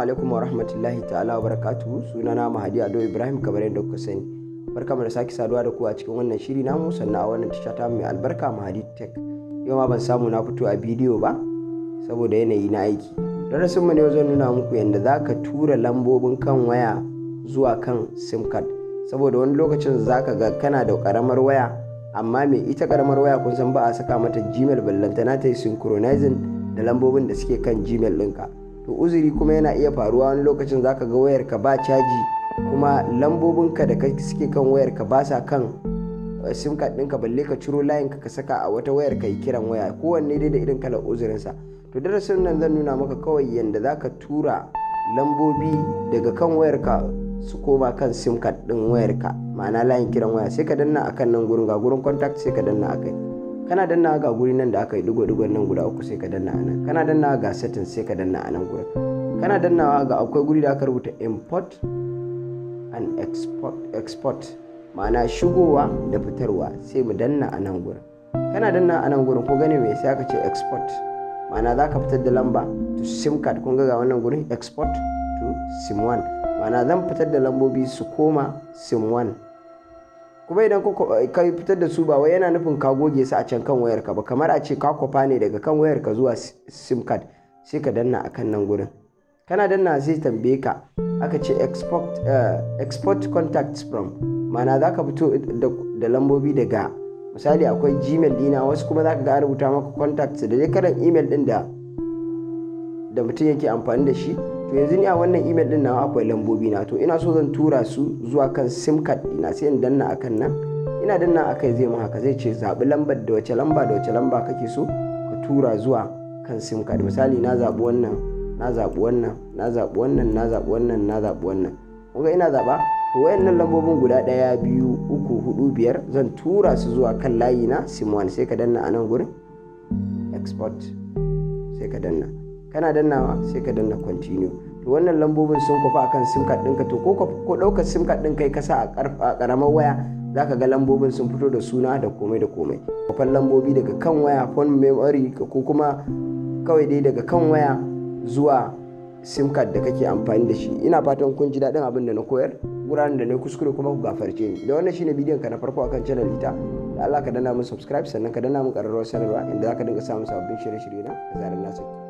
alaikum warahmatullahi ta'ala wa suna sunana Mahadi Ado Ibrahim kamar yadda kuka sani barka da sake saduwa da ku a cikin wannan shiri namu sannan a wannan tasha mai albarka Mahadi Tech yau ma ban samu na fito a bidiyo ba saboda yanayi na aiki darasin mu ne zan nuna muku yadda za ka tura lambobin kan waya zuwa kan sim card saboda wani lokacin za ka ga kana da karamar waya amma mai ita karamar waya kun san ba a saka mata gmail ballantana ta yi synchronizing da lambobin da suke kan gmail ɗinka. to uzuri kuma yana iya faruwa wani lokacin za ka ga wayarka ba caji kuma lambobinka da suke kan wayarka ba sa kan eh, sim card ɗinka balle ka ciro layin ka ka saka a wata wayar ka yi kiran waya kowanne dai da irin kalar sa to darasin nan zan nuna maka kawai yanda za ka tura lambobi daga kan wayar ka su koma kan sim card ɗin ka ma'ana layin kiran waya sai ka danna akan nan gurin ga gurin contact sai ka danna akai kana danna ga guri nan da aka yi digo-digon nan guda uku sai ka danna a nan kana danna ga settings sai ka danna a nan gurin kana dannawa ga akwai guri da aka rubuta import and export, export. ma'ana shigowa da fitarwa sai mu danna a nan gurin kana danna a nan guda ko gane mai sai aka ce export ma'ana za ka fitar da lamba to sim card kun ga wannan gurin export to sim 1 ma'ana zan fitar da lambobi su koma sim 1 kuma idan ka fitar da su ba wai yana nufin ka goge su a can kan wayar ka ba kamar a ce ka kwafa ne daga kan wayar ka zuwa sim card sai ka danna a kan nan gurin kana danna zai tambaye ka aka ce export, eh, export contacts from mana za ka fito da lambobi daga misali akwai gmail dina wasu kuma za ka ga rubuta maka contacts da dai karan email din da da mutum yake amfani da shi to yanzu ni a wannan email din nawa akwai lambobi na to ina so zan tura su zuwa kan sim card dina sai in danna akan nan ina danna akai zai mu haka zai ce zaɓi lambar da wace lamba da wace lamba kake so ka tura zuwa kan sim card misali na zaɓi wannan na zaɓi wannan na zaɓi wannan na zaɓi wannan na zabi wannan kuga ina zaba to wayannan lambobin guda ɗaya biyu uku hudu biyar zan tura su zuwa kan layi na sim one sai ka danna a nan gurin export sai ka danna kana dannawa sai ka danna continue to wannan lambobin sun kufa akan sim card ɗinka to ko ko ɗaukar sim card ɗin kai kasa a ƙaramar waya za ka ga lambobin sun fito da suna da komai da komai kwafan lambobi daga kan waya phone memory ko kuma kawai dai daga kan waya zuwa sim card da kake amfani da shi ina fatan kun ji daɗin abin da na koyar wuraren da na kuskure kuma ku gafarce ni da wannan shine bidiyon ka na farko akan channel ita da Allah ka dana mu subscribe sannan ka dana mu ƙararrawar sanarwa inda za ka dinga samun sabbin shirye-shirye na a zarar